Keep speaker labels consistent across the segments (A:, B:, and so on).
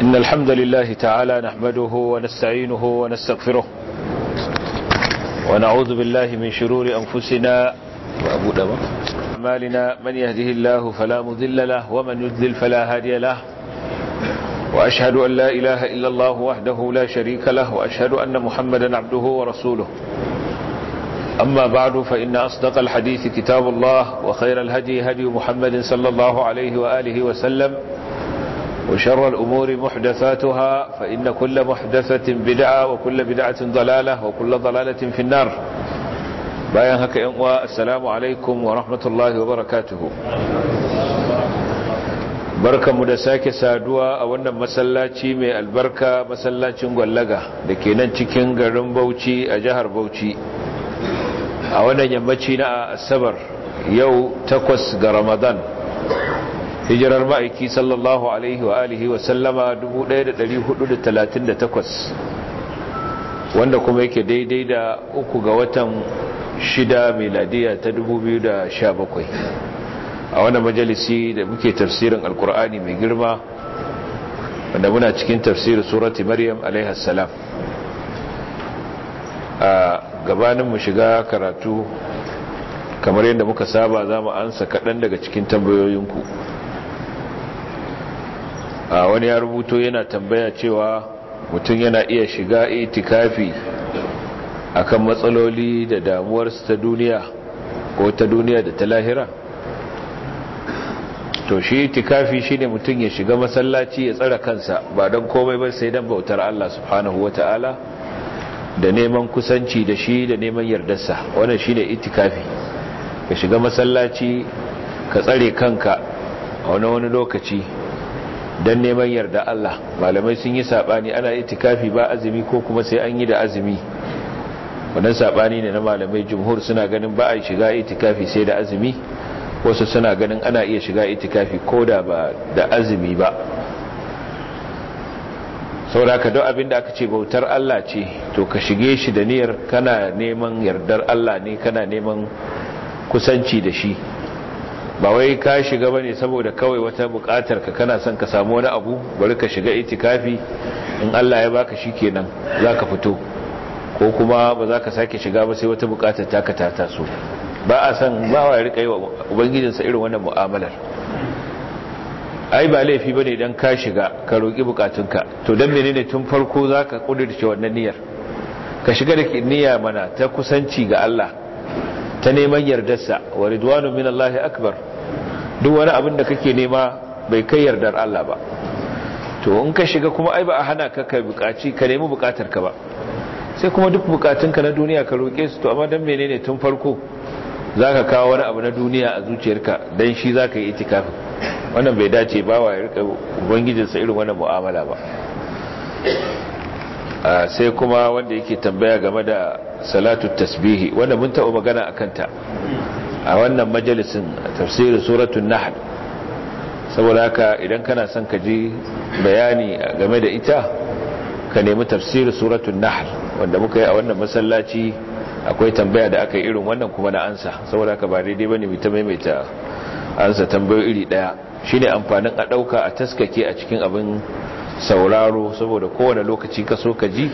A: إن الحمد لله تعالى نحمده ونستعينه ونستغفره ونعوذ بالله من شرور أنفسنا أعمالنا من يهده الله فلا مذل له ومن يذلل فلا هادي له وأشهد أن لا إله إلا الله وحده لا شريك له وأشهد أن محمدا عبده ورسوله أما بعد فإن أصدق الحديث كتاب الله وخير الهدي هدي محمد صلى الله عليه وآله وسلم وشر الأمور محدثاتها فإن كل محدثة بدعة وكل بدعة ضلالة وكل ضلالة في النار بايان هكا ينقوى السلام عليكم ورحمة الله وبركاته barka mu da sake saduwa a wannan masallaci mai albarka masallacin gwallaga da ke nan cikin garin bauchi a jihar bauchi a wannan yammaci na asabar yau takwas ga ramadan hijirar ma'aiki sallallahu alaihi wa alihi wa sallama 1438 wanda kuma yake daidai da uku ga watan shida meladiya ta 2017 a wani majalisi da muke tafsirin alkur'ani mai girma wanda muna cikin tafsirin surati maryam alaihi salam a gabanin mu shiga karatu kamar yadda muka saba za mu ansa kaɗan daga cikin tambayoyinku a wani ya rubuto yana tambaya cewa mutum yana iya shiga itikafi akan matsaloli da damuwarsu ta duniya ko ta duniya da ta lahira to shi itikafi shine mutum ya shiga masallaci ya tsara kansa ba don komai ba sai dan bautar Allah subhanahu wataala da neman kusanci da shi da neman yardarsa wannan shine itikafi ka shiga masallaci ka tsare kanka a wani wani lokaci don neman yarda Allah malamai sun yi saɓani ana itikafi ba azumi ko kuma sai an yi da azumi wannan saɓani ne na malamai jumhur suna ganin ba a shiga itikafi sai da azumi wasu suna ganin ana iya shiga itikafi ko da ba da azumi ba sauraka don abin da aka ce bautar Allah ce to ka shige shi da niyyar kana neman yardar Allah ne kana neman kusanci da shi ba wai ka shiga bane saboda kawai wata bukatar ka kana son ka samu wani abu bari ka shiga itikafi in Allah ya baka shikenan zaka fito ko kuma ba za ka sake shiga ba sai wata bukatar ka ta taso ba a san ba wa rika yi wa ubangijinsa irin wannan mu'amalar ai ba laifi bane dan ka shiga ka roki bukatun ka to dan menene tun farko zaka kudirce wannan niyyar ka shiga da niyya mana ta kusanci ga Allah ta neman yardarsa wa ridwanu min Allahi akbar duk wani abin da kake nema bai kai yardar Allah ba to in ka shiga kuma ai ba a hana ka ka bukaci ka nemi bukatar ka ba sai kuma duk bukatun ka na duniya ka roke su to amma dan menene tun farko zaka kawo wani abu na duniya a zuciyarka dan shi zaka yi itikafi wannan bai dace ba wa ubangijinsa irin wannan mu'amala ba sai kuma wanda yake tambaya game da salatu tasbihi wanda mun taɓa magana a kanta a wannan majalisin tafsirin suratun nahal saboda haka idan kana son ka ji bayani game da ita ka nemi tafsirin suratun nahal wanda muka yi a wannan masallaci akwai tambaya da aka yi irin wannan kuma na ansa saboda haka ba daidai ne mu ta maimaita ansa tambayo iri daya shine amfanin a ɗauka a taskake a cikin abin sauraro saboda kowane lokaci ka so ka ji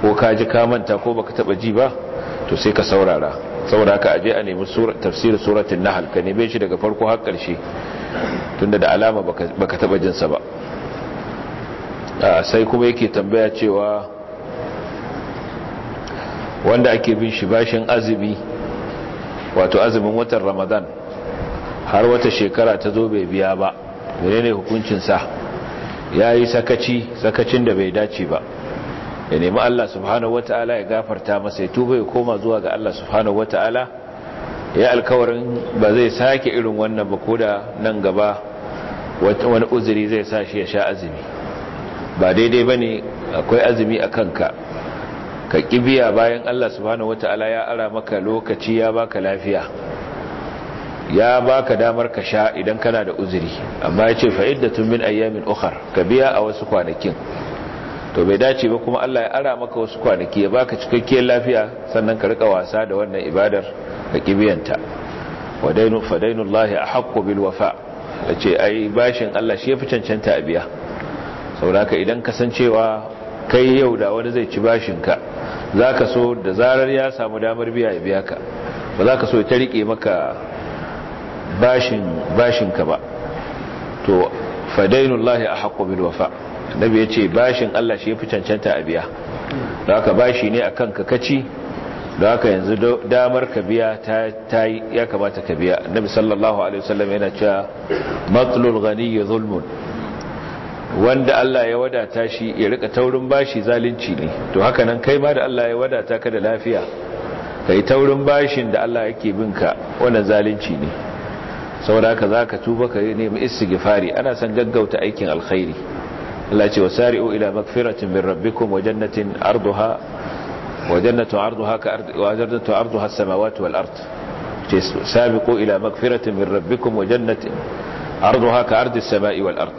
A: ko ka ji ka manta ko baka taba ji ba to sai ka saurara saboda ka aje a nemi tafsirin suratul nahl ka neme shi daga farko har karshe tunda da alama baka taba jin sa ba sai kuma yake tambaya cewa wanda ake bin shi bashin azumi wato azumin watan ramadan har wata shekara ta zo bai biya ba menene hukuncin sa ya yi sakaci sakacin da bai dace ba ya nemi Allah subhanahu wata'ala ya gafarta masa ya tuba ya koma zuwa ga Allah subhanahu wata'ala ya alkawarin ba zai sake irin wannan ba koda nan gaba wani uzuri zai sa shi ya sha azumi ba daidai ba ne akwai azumi a kanka ka kibiya bayan Allah subhanahu wata'ala ya ara maka lokaci ya baka lafiya ya baka damar ka sha idan kana da uzuri amma ya ce fa'iddatun min ayyamin ukhar ka biya a wasu kwanakin to bai dace ba kuma Allah ya ara maka wasu kwanaki ya baka cikakkiyar lafiya sannan ka rika wasa da wannan ibadar ka kibiyanta a a ahqqu bil wafa yace ai bashin Allah shi yafi cancanta a biya sauraka idan kasancewa kai yau da wani zai ci bashin ka zaka so da zarar ya samu damar biya ya biya ka ba za ka so ta riƙe maka bashin ka ba to fadainullahi a haƙo bil wafa nabi yace ce bashin Allah shi ya fi cancanta a biya da haka bashi ne akan kakaci da haka yanzu damar ka biya ta yi ya kamata ka biya nabi sallallahu alaihi wasallam yana cewa matlul ghani zulmun wanda Allah ya wadata shi ya rika taurin bashi zalunci ne to haka nan kai ma da Allah ya wadata ka da lafiya kai taurin bashin da Allah yake binka wannan zalunci ne saboda haka zaka tuba ka nemi istighfari ana san gaggauta aikin alkhairi Allah ce wasari'u ila magfiratin min rabbikum wa jannatin arduha wa jannatu arduha ka ardi wa jannatu arduha as-samawati wal ard ce sabiqu ila magfiratin min rabbikum wa jannatin arduha ka ardi as-sama'i wal ard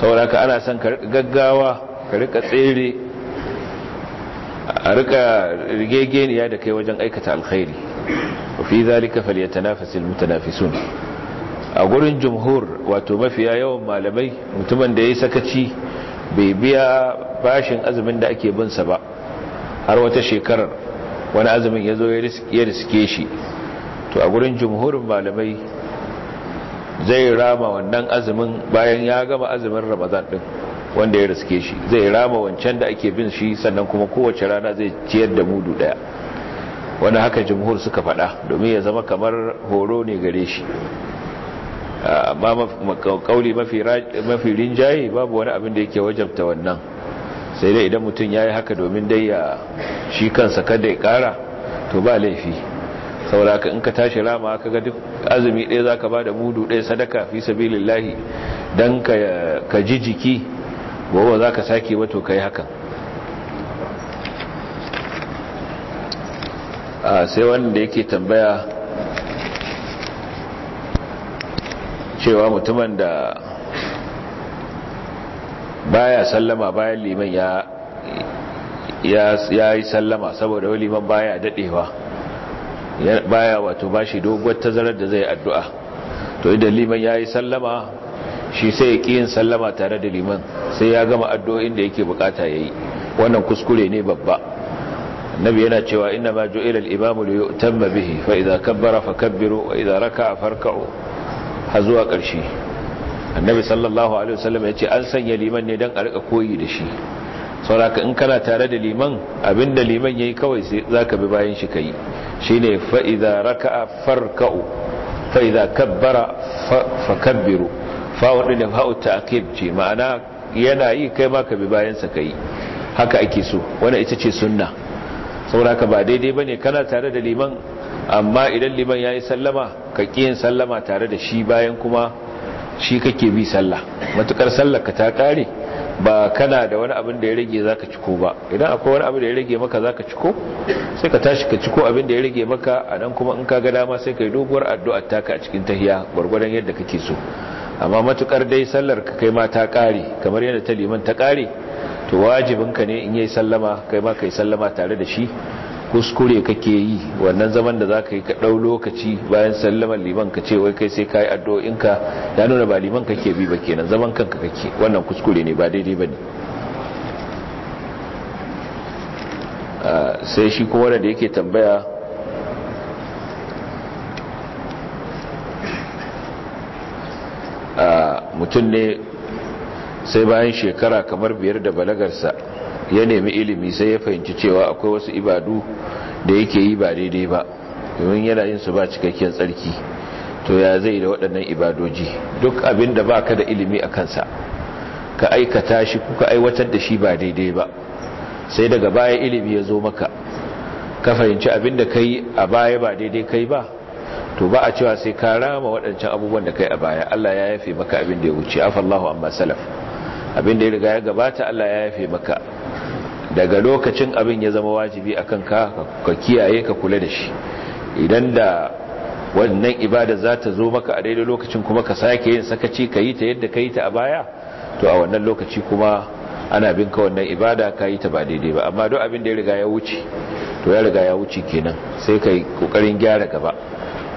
A: saboda haka ana san gaggawa ka rika tsere a rika rigegeniya da kai wajen aikata alkhairi وفي ذلك فليتنافس المتنافسون a gurin jumhur wato mafiya yawan malamai mutumin da ya ci bai biya bashin azumin da ake binsa ba har wata shekarar wani azumin ya zo ya riske shi to gurin jumhurin malamai zai rama wannan azumin bayan ya gama azumin ramadan din wanda ya riske shi zai rama wancan da ake bin shi sannan kuma kowace rana zai ciyar da mudu daya wani haka jumhur suka faɗa domin ya zama kamar horo ne gare shi amma kauli mafi rinjaye babu wani abin da yake wajabta wannan sai dai idan mutum ya yi haka domin dai ya shi kansa kada ya kara to ba laifi sauraka in ka tashi rama aka ga duk azumi ɗaya za ka ba da mudu ɗaya sadaka fi lillahi don ka ji jiki wa za ka sake wato ka yi hakan sai wanda yake tambaya cewa mutumin da baya sallama bayan liman ya yi sallama saboda wani liman baya dadewa baya wato ba shi doguwar tazarar da zai addu'a to idan liman ya yi sallama shi sai ya ƙi yin sallama tare da liman sai ya gama addu'o'in da yake bukata ya yi wannan kuskure ne babba nabi yana cewa ina ma ju'ila al-imamu li yu'tamma bihi fa idza kabbara fakabbiru wa idza raka'a farka'u har zuwa ƙarshe annabi sallallahu alaihi wasallam ya ce an sanya liman ne don a riƙa koyi da shi sauraka in kana tare da liman abinda liman ya yi kawai sai zaka bi bayan shi ka kai shine fa idza raka'a farka'u fa idza kabbara fakabbiru fa wadda fa'u ta'qib ce ma'ana yana yi kai ma ka bi bayan sa kai haka ake so wani ita ce sunna sauraka ba daidai bane kana tare da liman amma idan liman yayi sallama ka kiyin sallama tare da shi bayan kuma shi kake bi sallah matukar sallar ka ta kare ba kana da wani abin da ya rage zaka ciko ba idan akwai wani abin da ya rage maka zaka ciko sai ka tashi ka ciko abin da ya rage maka a nan kuma in ka ga dama sai kai doguwar addu'ar taka a cikin tahiya gwargwadon yadda kake so amma matukar dai sallar ka kai ma ta kare kamar yadda ta liman ta kare to wajibin ka ne in yi sallama kai ma kai sallama tare da shi kuskure kake yi wannan zaman da zaka yi ka dau lokaci bayan sallamar liman ka ce wai kai sai kai addu'o'inka ya nuna ba liman kake bi ba kenan zaman kanka kake wannan kuskure ne ba daidai bane ah, sai shi kuma wanda yake tambaya ah, mutum ne sai bayan shekara kamar biyar da balagarsa ya nemi ilimi sai ya fahimci cewa akwai wasu ibadu da yake yi ba daidai ba domin yana yin su ba cikakken tsarki to ya zai da waɗannan ibadoji duk abin da baka da ilimi a kansa ka aikata shi kuka aiwatar da shi ba daidai ba sai daga baya ilimi ya zo maka ka fahimci abin da kai a baya ba daidai kai ba to ba a cewa sai ka rama waɗancan abubuwan da kai a baya Allah ya yafe maka abin da ya wuce afallahu amma salaf abin da ya riga ya gabata Allah ya yafe maka daga lokacin abin ya zama wajibi akan ka ka kiyaye ka kula da shi idan da wannan ibada za ta zo maka a daidai lokacin kuma ka sake yin sakaci ka yi ta yadda ka yi ta a baya to a wannan lokaci kuma ana bin ka wannan ibada ka yi ta ba daidai ba amma duk abin da ya riga ya wuce to ya riga ya wuce kenan sai ka yi kokarin gyara gaba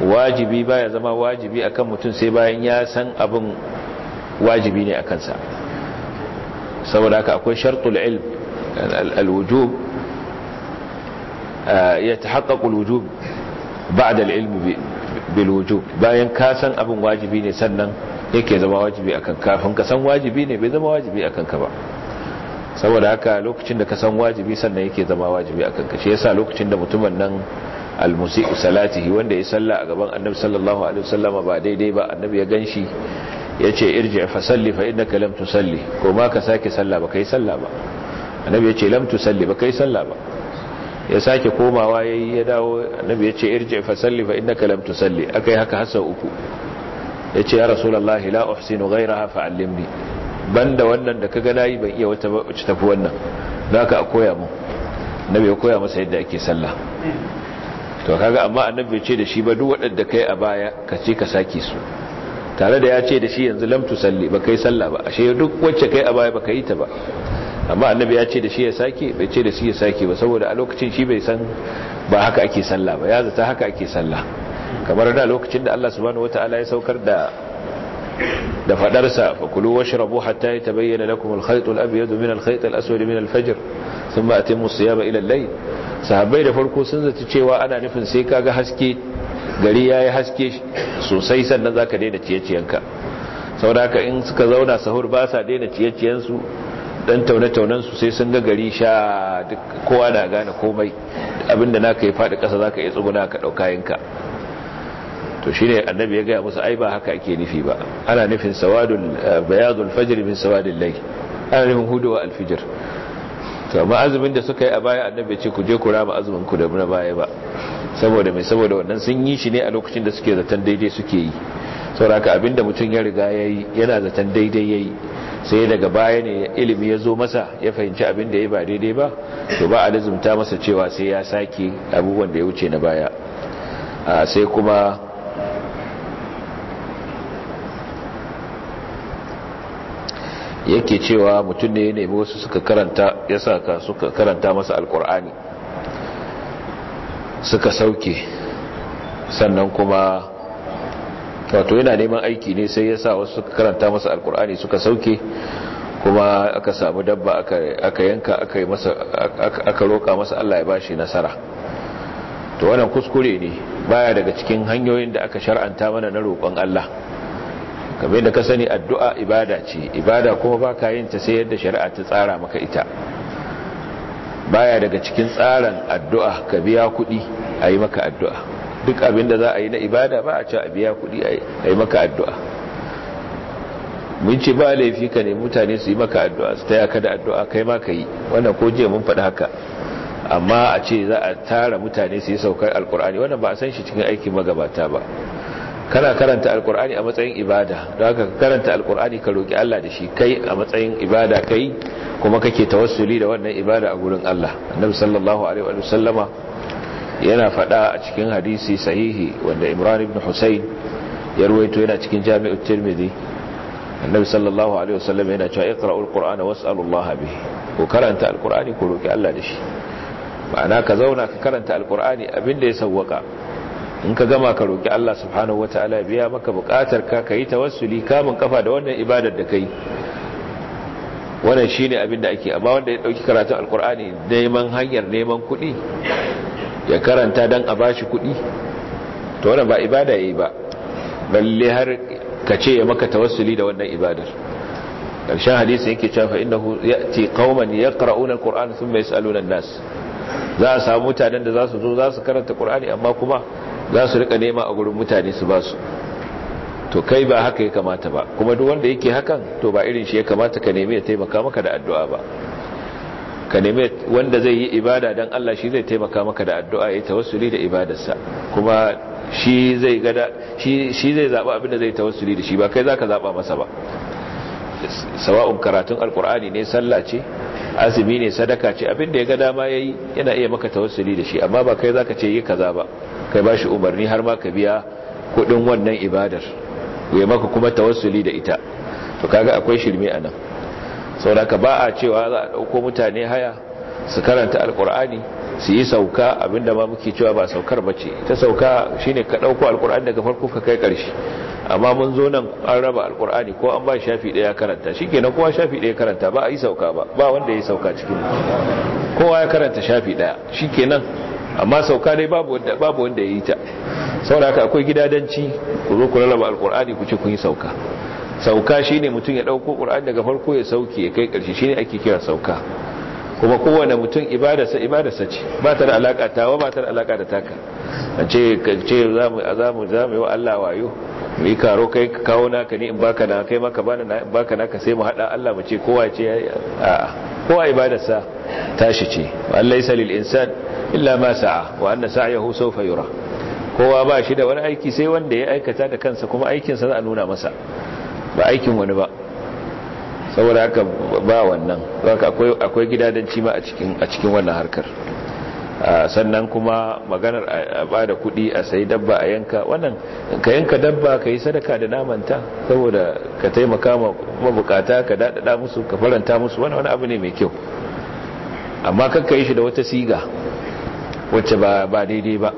A: wajibi baya zama wajibi akan mutum sai bayan ya san abin wajibi ne a kansa saboda haka akwai shartul ilm al-wujub ah, ya tahaqqaqu al-wujub ba'da bil wujub bayan ka san abin wajibi ne sannan yake zama wajibi akan ka kafin ka san wajibi ne bai zama wajibi akan ka ba saboda haka lokacin da ka san wajibi sannan yake zama wajibi akan ka shi yasa lokacin da mutumin nan almusi'u salatihi wanda ya salla a gaban annabi sallallahu alaihi wasallama ba daidai ba annabi ya ganshi yace irje fa salli fa ka lamtu salli ko ma ka sake salla ba yi salla ba annabi yace lamtu salli ba yi salla ba ya sake komawa yi ya dawo annabi yace irji fa salli fa lamtu salli aka akai haka hasa uku yace ya rasulullahi la uhsinu ghayraha fa allimni banda wannan da ka kaga nayi ban iya wata ci tafi wannan ka a koya mu annabi ya koya masa yadda ake salla. to kaga amma annabi ce da shi ba duk waɗanda kai a baya ka ce ka sake su tare da ya ce da shi yanzu lamtu salli ba kai sallah ba ashe duk wacce kai a baya ba kai ta ba amma annabi ya ce da shi ya sake bai ce da shi ya sake ba saboda a lokacin shi bai san ba haka ake sallah ba ya zata haka ake sallah kamar da lokacin da Allah subhanahu wataala ya saukar da da sa fa kulu washrabu hatta yatabayyana lakum al-khayt al-abyad min al-khayt al-aswad min al-fajr thumma atimu as-siyama ila al-layl sahabbai da farko sun zata cewa ana nufin sai kaga haske gari ya yi haske sosai sannan za ka daina ciye-ciyenka sau da haka in suka zauna sahur ba sa daina ciye-ciyensu dan taune-taunensu sai sun ga gari sha duk kowa na gane komai abinda na ka yi faɗi ƙasa za ka yi tsuguna ka ɗauka to shi ne annabi ya gaya musu ai ba haka ake nufi ba ana nufin sawadun eh, fajir min sawadun lai ana nufin hudu wa alfijir to amma azumin da suka yi a baya annabi ce ku je ku rama azumin ku da na baya ba saboda mai saboda wannan sun yi shi ne a lokacin da suke zaton daidai suke yi sauraka abinda mutum ya riga ya yi yana zaton daidai ya yi sai daga baya ne ilimi ya zo masa ya fahimci abin da ya ba daidai ba to ba a lizumta masa cewa sai ya sake abubuwan da ya wuce na baya sai kuma yake cewa mutum ne ya nemi wasu suka karanta ya sa suka karanta masa alkur'ani suka sauke sannan kuma wato yana neman aiki ne sai ya sa wasu karanta masa alkur'ani suka sauke kuma aka samu dabba aka yanka aka roƙa masa Allah ya bashi nasara to wannan kuskure ne baya daga cikin hanyoyin da aka shar'anta mana na roƙon Allah kamar yadda ka sani addu'a ibada ce ibada kuma ba ka yin ta sai yadda shari'a ta tsara maka ita baya daga cikin tsarin addu'a ka biya kuɗi a yi maka addu'a duk abin da za a yi na ibada ba a ce a biya kuɗi a yi maka addu'a mun ce ba laifi ka ne mutane su yi maka addu'a su taya ka da addu'a kai ma ka yi wannan ko jiya mun faɗi haka amma a ce za a tara mutane su yi saukar alkur'ani wannan ba a san shi cikin aikin magabata ba kana karanta alkur'ani a matsayin ibada don haka karanta alkur'ani ka roki Allah da shi kai a matsayin ibada kai kuma kake tawassuli da wannan ibada a gurin Allah annabi sallallahu alaihi wa sallama yana faɗa a cikin hadisi sahihi wanda Imran ibn Husayn ya ruwaito yana cikin Jami'ut Tirmidhi annabi sallallahu alaihi wa sallam yana cewa iqra'ul qur'ana was'alullaha bihi ko karanta alkur'ani ko roki Allah da shi ma'ana ka zauna ka karanta alkur'ani abinda ya sawwaka in ka gama ka roƙi Allah subhanahu wataala ta'ala biya maka buƙatar ka kai tawassuli kamun kafa da wannan ibadar da kai wannan shine abin da ake amma wanda ya dauki karatun alkur'ani neman hanyar neman kuɗi ya karanta dan a bashi kuɗi to wannan ba ibada yayi ba balle har ka ce ya maka tawassuli da wannan ibadar ƙarshen hadisi yake cewa innahu ya'ti qauman yaqra'una alquran thumma yas'aluna an-nas za a samu mutanen da za su zo za su karanta qur'ani amma kuma za su rika nema a gurin mutane su ba su to kai ba haka ya kamata ba kuma duk wanda yake hakan to ba irin shi ya kamata ka nemi ya taimaka maka da addu'a ba ka nemi wanda zai yi ibada dan Allah shi zai taimaka maka da addu'a ya tawassuli da ibadarsa kuma shi zai gada shi zai zaba abinda zai tawassuli da shi ba kai zaka zaba masa ba sawa'un karatun alkur'ani ne sallah ce azumi ne sadaka ce abinda ya ga dama yi yana iya maka tawassuli da shi amma ba kai zaka ce yi kaza ba kai bashi umarni har ma ka biya kudin wannan ibadar ya maka kuma tawassuli da ita to kaga akwai shirme anan saboda ba a cewa za a dauko mutane haya su karanta alkur'ani su yi sauka abinda ma muke cewa ba saukar bace ta sauka shine ka dauko alkur'ani daga farko ka kai karshe amma mun zo nan an raba alkur'ani ko an ba shafi daya karanta shikenan kowa shafi daya karanta ba a yi sauka ba ba wanda ya yi sauka cikin kowa ya karanta shafi daya shikenan amma sauka dai babu wanda babu wanda ya yi ta saboda haka akwai gidadanci ku zo ku raba alkur'ani ku ce kun yi sauka sauka shine mutum ya dauko qur'ani daga farko ya sauke ya kai karshe shine ake kira sauka kuma kowane mutum ibadarsa ibadarsa ce ba ta da alaka tawa ba ta da alaka da taka a ce ce za mu za mu za mu yi wa Allah wayo mu yi karo kai ka kawo naka ni in baka na kai maka bani na in baka naka sai mu hada Allah mu ce kowa ce a kowa ibadarsa tashi ce Allah yasa lil insan illa ma sa'a wa anna sa'yahu sawfa yura kowa ba shi da wani aiki sai wanda ya aikata da kansa kuma aikinsa za a nuna masa ba aikin wani ba saboda haka ba wannan akwai gidadanci ma a cikin wannan harkar sannan kuma maganar a ba da kuɗi a sayi dabba a yanka wannan ka yanka dabba ka yi sadaka da namanta saboda ka taimaka mabukata ka daɗaɗa musu ka faranta musu wani wani abu ne mai kyau amma kakka yi shi da wata siga wacce ba daidai ba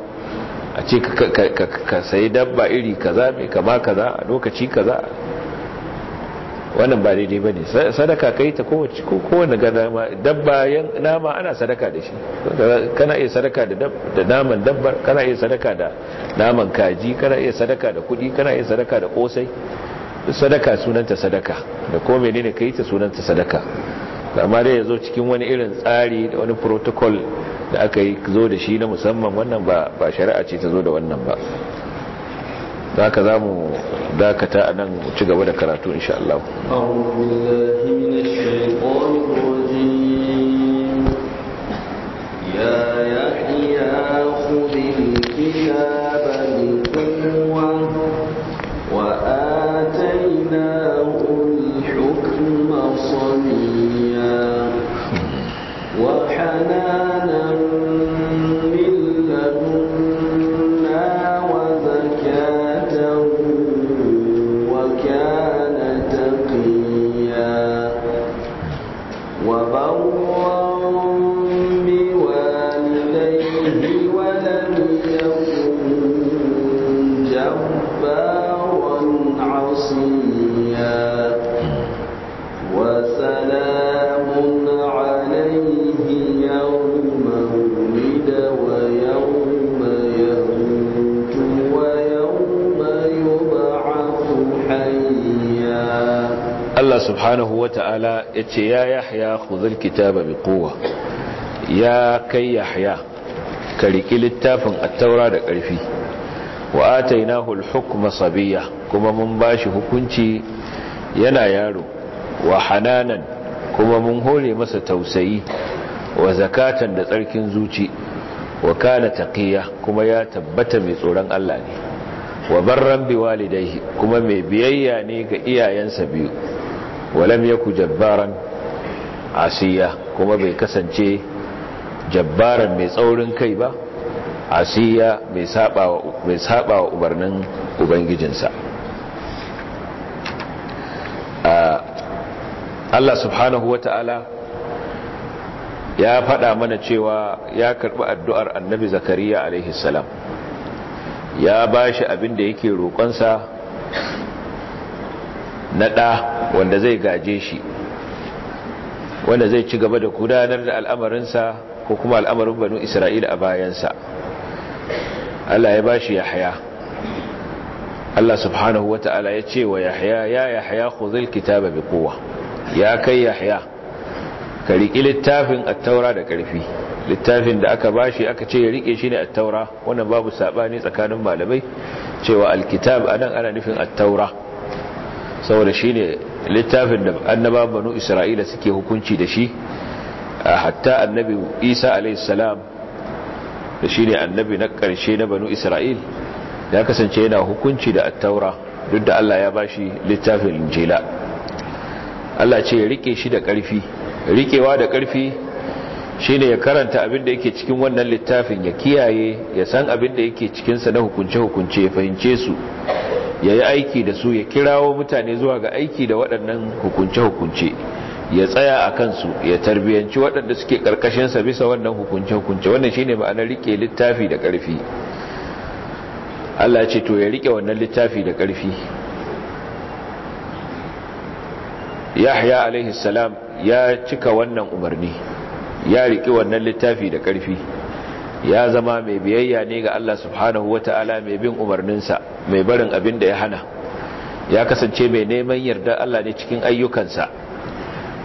A: a ce ka sayi dabba iri kaza mai kama kaza a lokaci kaza wannan ba daidai ba ne sadaka kai ta kowace kowane ga nama dabba nama ana sadaka da shi kana iya sadaka da naman dabbar kana iya sadaka da naman kaji kana iya sadaka da kudi kana iya sadaka da kosai sadaka sunanta sadaka da ko menene kai ta sunanta sadaka amma dai yazo cikin wani irin tsari da wani protocol da aka yi zo da shi na musamman wannan ba shari'a ce ta zo da wannan ba da ka za mu dakata a nan ci gaba da karatu insha Allah
B: ya
A: subhanahu wata'ala ya ce ya yahya khudhul kitaba bi kowa ya kai yahya ka riki littafin attaura taura da ƙarfi wa atainahu sabiyya kuma mun bashi hukunci yana yaro wa hananan kuma mun hore masa tausayi wa zakatan da tsarkin zuci wa kana kuma ya tabbata mai tsoron Allah ne wa barran bi walidayhi kuma mai biyayya ne ga iyayensa biyu walam yaku jabbaran asiya kuma bai kasance jabbaran mai tsaurin kai ba asiya mai saba wa umarnin ubangijinsa Allah subhanahu wa ta'ala ya faɗa mana cewa ya karɓi addu'ar annabi zakariya a.s. ya bashi abinda abin da yake roƙonsa na ɗa wanda zai gaje shi wanda zai ci gaba da gudanar da al'amarinsa ko kuma al'amarin banu isra'ila a bayansa Allah ya bashi yahya Allah subhanahu wa ta'ala ya ce wa yahya ya yahya khudhil kitaba kowa. ya kai yahya ka riƙi littafin at-taura da ƙarfi littafin da aka bashi aka ce ya riƙe shi ne at-taura wannan babu sabani tsakanin malamai cewa al anan ana nufin at-taura saboda shine littafin da annaba banu isra'ila suke hukunci da shi a hatta annabi isa alayhi salam da shine annabi na karshe na banu isra'il ya kasance yana hukunci da attaura duk da Allah ya bashi littafin jela. Allah ce ya rike shi da karfi rikewa da karfi shine ya karanta abin da yake cikin wannan littafin ya kiyaye ya san abin da yake cikinsa na hukunce-hukunce ya fahimce su ya yi aiki da su ya kirawo mutane zuwa ga aiki da waɗannan hukunce-hukunce ya tsaya a kansu ya tarbiyanci waɗanda suke ƙarƙashinsa bisa wannan hukunce-hukunce wannan shi ne ma'anar riƙe littafi da ƙarfi Allah ce to ya riƙe wannan littafi da ƙarfi yahya salam ya cika wannan umarni ya riƙe wannan littafi da ƙarfi ya zama mai biyayya ne ga Allah subhanahu ta'ala mai bin umarninsa mai barin abin da ya hana ya kasance mai neman yarda Allah ne cikin ayyukansa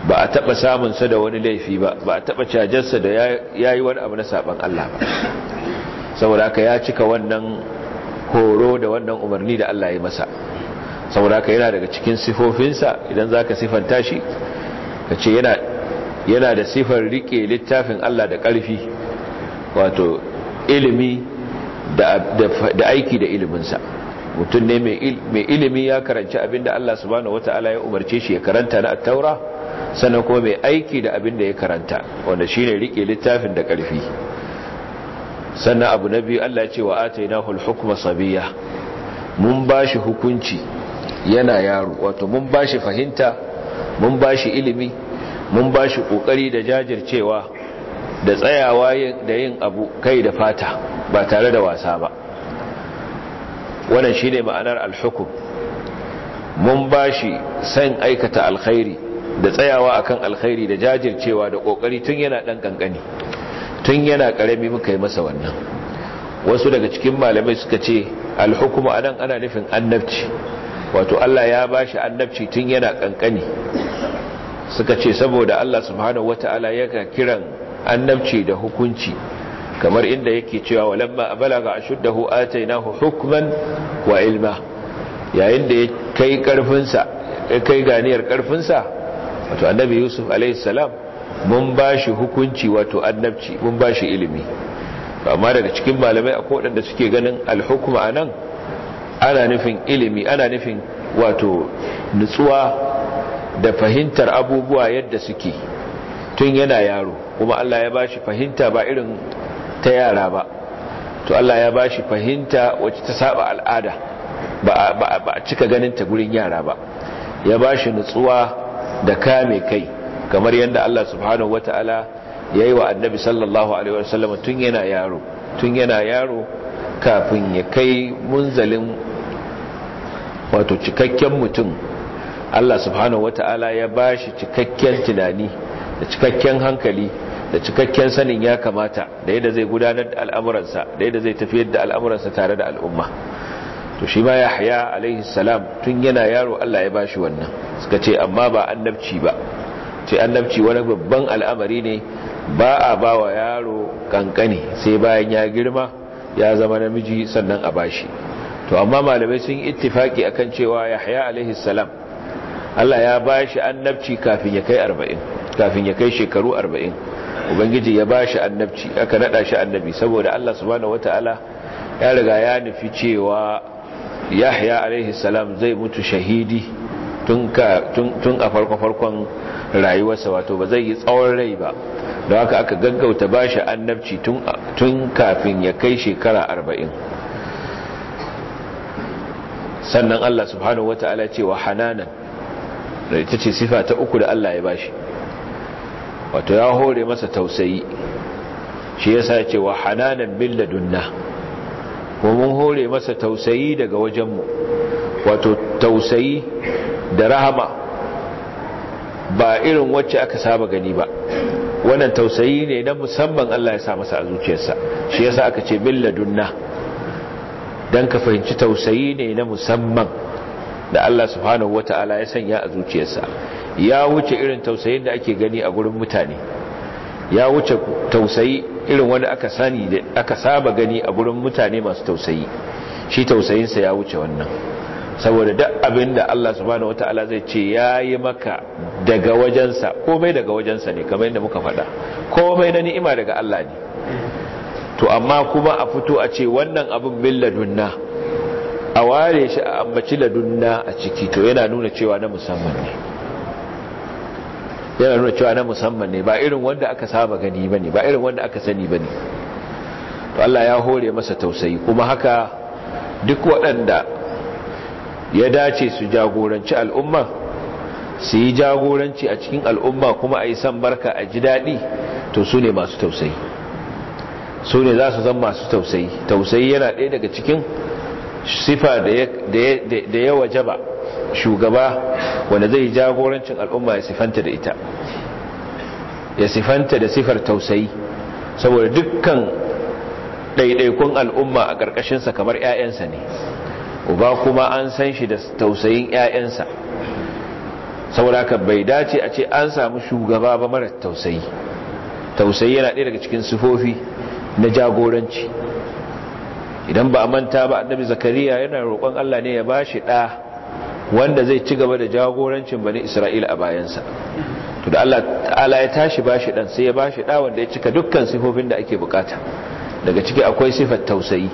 A: ba a taɓa samunsa da wani laifi ba ba a taɓa cajarsa da ya yi wani abu na saɓan Allah ba saboda haka ya cika wannan horo da wannan umarni da Allah ya masa saboda haka yana daga cikin sifofinsa idan za ka sifanta shi ka ce yana da sifar riƙe littafin Allah da ƙarfi wato ilimi da aiki da iliminsa mutum ne mai ilimi ya karanci abinda Allah subhanahu wata'ala ya umarce shi ya karanta na taura sannan kuma mai aiki da abinda ya karanta wanda shine rike littafin da karfi sannan abu na biyu Allah ce wa atainahu al-hukma sabiya mun bashi hukunci yana yaro wato mun bashi fahimta mun bashi ilimi mun bashi kokari da jajircewa da tsayawa da yin abu kai da fata ba tare da wasa ba wannan shi ne ma'anar alhukum mun ba shi san aikata alkhairi da tsayawa akan alkhairi da jajircewa da ƙoƙari tun yana dan kankani tun yana karami muka yi masa wannan wasu daga cikin malamai suka ce alhukumu anan ana nufin annabci wato Allah ya bashi shi annabci tun yana kankani suka ce saboda Allah subhanahu wataala yaka kiran annabci da hukunci kamar inda yake cewa walamma balaga ashuddahu atainahu hukman wa ilma yayin da ya kai sa kai ganiyar karfinsa wato annabi yusuf alaihi salam mun bashi hukunci wato annabci mun bashi ilimi amma daga cikin malamai akwai wadanda suke ganin alhukma anan ana nufin ilimi ana nufin wato nutsuwa da fahimtar abubuwa yadda suke tun yana yaro kuma Allah ya bashi fahimta ba irin ta yara ba to Allah ya bashi fahimta wacce ta saba al'ada ba a cika ganin ta gurin yara ba ya bashi nutsuwa da kame kai kamar yadda Allah subhanahu wata'ala ya yi wa annabi sallallahu alaihi wasallam tun yana yaro tun yana yaro kafin ya kai munzalin wato cikakken mutum Allah subhanahu wata'ala ya shi cikakken tunani da cikakken hankali da cikakken sanin ya kamata da yadda zai gudanar da al'amuransa da yadda zai tafiyar da al'amuransa tare da al'umma to shi ma yahya alaihi salam tun yana yaro Allah ya bashi wannan suka ce amma ba annabci ba ce annabci wani babban al'amari ne ba a ba wa yaro kankani sai bayan ya girma ya zama namiji sannan a bashi to amma malamai sun ittifaki akan cewa yahya alaihi salam Allah ya bashi annabci kafin ya kai 40 kafin ya kai shekaru arba'in. ubangiji ya bashi annabci aka nada shi annabi saboda Allah subhanahu wataala ya riga ya nufi cewa Yahya alaihi salam zai mutu shahidi tun a farko-farkon rayuwarsa wato ba zai yi tsawon rai ba da haka aka gaggauta bashi annabci tun kafin ya kai shekara arba'in sannan Allah subhanahu wa ta'ala ce wa hananan da ita ce sifa ta uku da Allah ya bashi wato ya hore masa tausayi shi yasa ce wa hananan min ladunna kuma mun hore masa tausayi daga wajenmu wato tausayi da rahama ba irin wacce aka saba gani ba wannan tausayi ne na musamman Allah ya sa masa a zuciyarsa shi yasa aka ce min ladunna dan ka fahimci tausayi ne na musamman da Allah subhanahu wata'ala ya sanya a zuciyarsa ya wuce irin tausayin da ake gani a gurin mutane ya wuce tausayi irin wanda aka sani da aka saba gani a gurin mutane masu tausayi shi tausayinsa ya wuce wannan saboda duk abin da Allah subhanahu wata'ala zai ce yayi maka daga wajensa komai daga wajensa ne kamar yadda muka faɗa komai na ni'ima daga Allah ne to amma kuma a fito a ce wannan abin billadunna a ware shi a ambaci ladunna a ciki to yana nuna cewa na musamman ne yana nuna cewa na musamman ne ba irin wanda aka saba gani bane ba irin wanda aka sani bane to Allah ya hore masa tausayi kuma haka duk waɗanda ya dace su jagoranci al'umma su yi jagoranci a cikin al'umma kuma a yi san barka a ji daɗi to su ne masu tausayi su ne za su zama masu tausayi tausayi yana ɗaya daga cikin sifa da ya wajaba shugaba wanda zai jagorancin al'umma ya sifanta da ita ya sifanta da sifar tausayi saboda dukkan ɗaiɗaikun al'umma a ƙarƙashinsa kamar 'ya'yansa ne uba kuma an san shi da tausayin 'ya'yansa saboda ka bai dace a ce an samu shugaba ba mara tausayi tausayi yana ɗaya daga cikin sifofi na jagoranci idan ba a manta ba annabi zakariya yana roƙon Allah ne ya bashi ɗa wanda zai ci gaba da jagorancin bani isra'ila a bayansa to da Allah ta'ala ya tashi ba shi ɗan sai ya bashi ɗa wanda ya cika dukkan sifofin da ake bukata daga ciki akwai sifar tausayi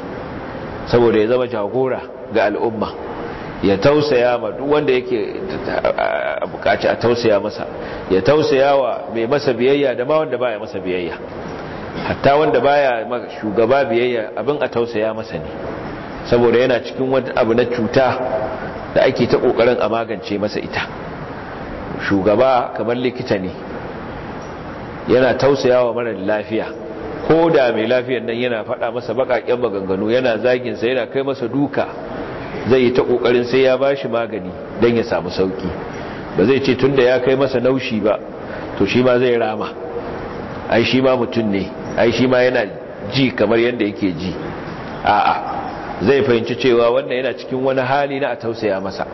A: saboda ya zama jagora ga al'umma ya tausaya ma duk wanda yake bukaci a tausaya masa ya tausaya wa mai masa biyayya da ma wanda baya masa biyayya hatta wanda baya shugaba biyayya abin a tausaya masa ne saboda yana cikin wani abu na cuta da ake ta kokarin a magance masa ita shugaba kamar likita ne yana tausaya wa marar lafiya ko da mai lafiyar nan yana faɗa masa baƙaƙen maganganu yana zaginsa yana kai masa duka zai yi ta ƙoƙarin sai ya ba shi magani don ya samu sauƙi ba zai ce tun da ya kai masa naushi ba to shi ma zai rama ai shi ma mutum ne ai shi ma yana ji kamar yadda yake ji a'a zai fahimci cewa wannan yana cikin wani hali na a tausaya masa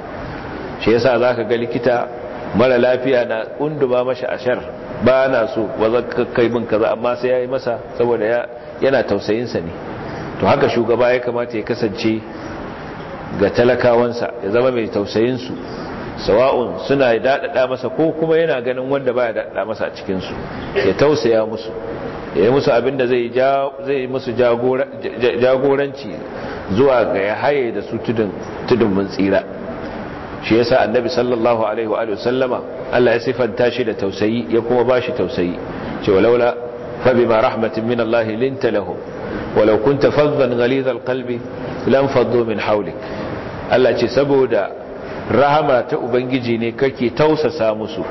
A: shi yasa ka ga likita mara lafiya na ƙunduma mashi ashar ba na so ba ka kai bin kaza amma sai yayi masa saboda yana tausayinsa ne to haka shugaba ya kamata ya kasance ga talakawansa ya zama mai tausayin su sawa'un suna daɗaɗa masa ko kuma yana ganin wanda baya daɗaɗa masa a cikinsu ya tausaya musu ya musu abin da zai musu jagoranci zuwa ga ya haye da su tudun mun tsira shi yasa annabi sallallahu alaihi wa sallama Allah ya sifanta shi da tausayi ya kuma ba shi tausayi cewa laula rahmatin min Allah linta lahum walau kun كنت فظا غليظ lan لانفضوا min حولك Allah ce saboda rahama ta ubangiji ne kake tausasa musu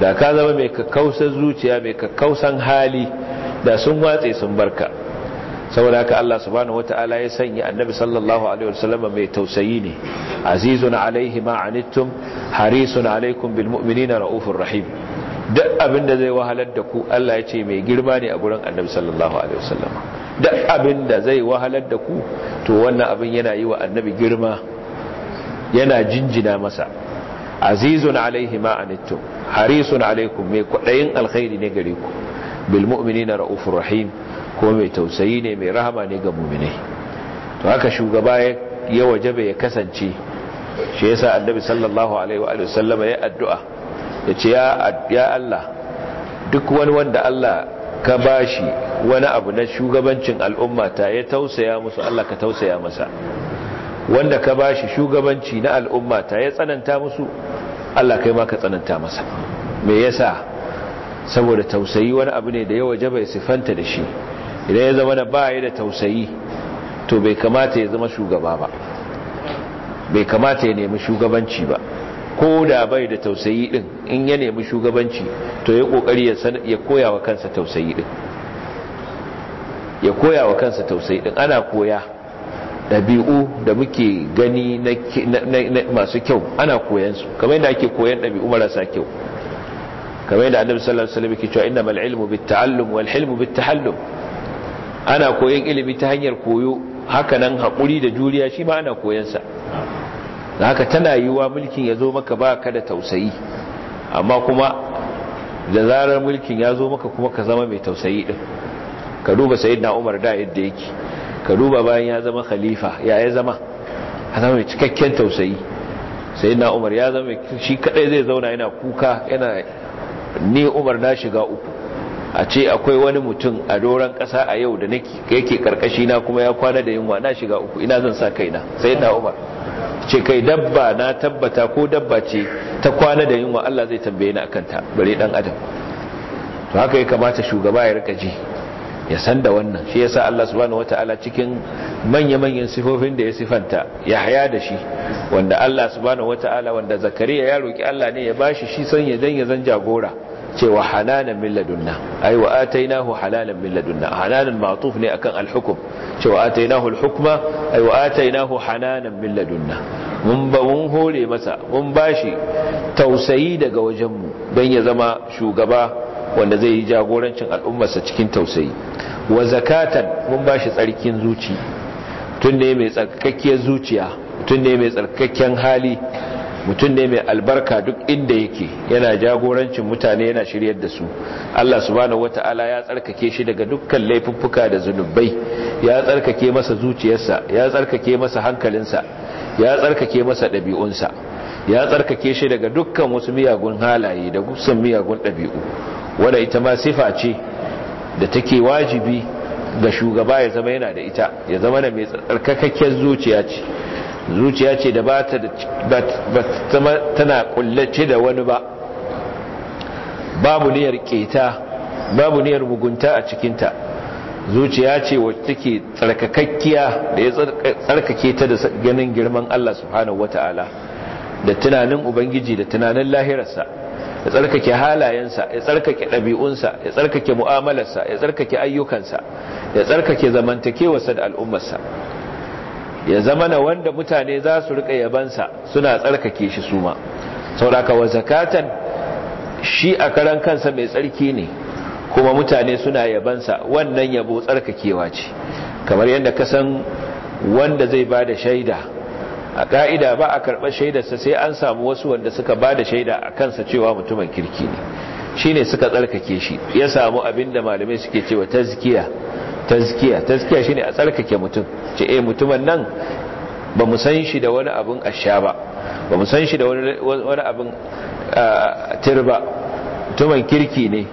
A: da ka zama mai kakkausar zuciya mai kakkausan hali da sun watse sun barka saboda haka Allah subhanahu wata'ala ya sanya annabi sallallahu alaihi wasallam mai tausayi ne azizun alaihi ma anittum harisun alaikum bil mu'minina raufur rahim duk abinda zai wahalar da ku Allah ya ce mai girma ne a gurin annabi sallallahu alaihi wasallam duk abin da zai wahalar da ku to wannan abin yana yi wa annabi girma yana jinjina masa azizun alaihi ma anittum harisun alaikum mai kudayin alkhairi ne gare ku bil mu'minina ra'ufur rahim ko mai tausayi ne mai rahama ne ga mu'minai to haka shugaba ya wajaba ya kasance shi yasa annabi sallallahu alaihi wa sallama ya addu'a ya ce ya Allah duk wani wanda Allah ka bashi wani abu na shugabancin al'umma ta ya tausaya musu Allah ka tausaya masa wanda ka bashi shugabanci na al'umma ta ya tsananta musu Allah kai ma ka tsananta masa me yasa saboda tausayi wani abu ne da ya waje bai sifanta da shi idan ya zama da ba ya da tausayi to bai kamata ya zama shugaba ba bai kamata ya nemi shugabanci ba ko da bai da tausayi din in ya nemi shugabanci to ya kokari ya koya wa kansa tausayi din ya koya wa kansa tausayi din ana koya ɗabi'u da muke gani na masu kyau ana koyansu kamar yadda ake koyan ɗabi'u marasa kyau kamar yadda annabi sallallahu alaihi wasallam yake cewa innamal ilmu bitta'allum wal hilmu bittahallum ana koyon ilimi ta hanyar koyo haka nan hakuri da juriya shi ma ana koyon sa haka tana yiwa mulkin ya zo maka ba ka da tausayi amma kuma da zarar mulkin ya zo maka kuma ka zama mai tausayi din ka duba sayyidina Umar da yadda yake ka duba bayan ya zama khalifa ya ya zama a zama mai cikakken tausayi sayyidina Umar ya zama shi kadai zai zauna yana kuka yana ni umar na shiga uku a ce akwai wani mutum a doron ƙasa a yau da yake karkashi na kuma ya kwana da yunwa na shiga uku ina zan sa kaina sai na umar ce kai dabba na tabbata ko dabba ce ta kwana da yunwa Allah zai tambaye ni akan ta bare dan adam to haka ya kamata shugaba ya rika ji ya san da wannan shi yasa Allah subhanahu wataala cikin manya-manyan sifofin da ya sifanta Yahya da shi wanda Allah subhanahu wataala wanda Zakariya ya roki Allah ne ya bashi shi san ya dan ya zan jagora cewa hananan min ladunna ai wa atainahu halalan min ladunna hananan ma'tuf ne akan al-hukm cewa atainahu al-hukma ai wa atainahu hananan min ladunna mun ba mun hore masa mun bashi tausayi daga wajenmu don ya zama shugaba wanda zai yi jagorancin al'ummarsa cikin tausayi wa zakatan mun bashi tsarkin zuci mutum ne mai tsarkakkiyar zuciya mutum ne mai tsarkakken hali mutum ne mai albarka duk inda yake yana jagorancin mutane yana shiryar da su Allah subhanahu wataala ya tsarkake shi daga dukkan laifuffuka da zunubai ya tsarkake masa zuciyarsa ya tsarkake masa hankalinsa ya tsarkake masa ɗabi'unsa ya tsarkake shi daga dukkan wasu miyagun halaye da gusan miyagun ɗabi'u wadda ita ma sifa ce da take wajibi ga shugaba ya zama yana da ita ya zama da mai tsarkakakken zuciya ce zuciya ce da ba ta tana kullace da wani ba babu niyyar keta babu niyyar mugunta a cikinta zuciya ce wacce take tsarkakakkiya da ya tsarkake ta da ganin girman Allah subhanahu wataala da tunanin ubangiji da tunanin lahirarsa ya tsarkake halayensa ya tsarkake ɗabi'unsa ya tsarkake mu'amalarsa ya tsarkake ayyukansa ya tsarkake zamantakewarsa da al'ummarsa ya zama na wanda mutane za su riƙa yabansa suna tsarkake shi su ma sauraka wa zakatan shi a karan kansa mai tsarki ne kuma mutane suna yabansa wannan yabo tsarkakewa ce kamar yadda kasan wanda zai ba da shaida a ka'ida ba a karɓar shaidarsa sai an samu wasu wanda suka ba da shaida a kansa cewa mutumin kirki ne shi ne suka tsarkake shi ya samu abin da malamai suke cewa tazkiya tazkiya tazkiya shi ne a tsarkake mutum ce e mutumin nan ba mu san shi da wani abin asha ba ba mu san shi da wani abin tirba mutumin kirki ne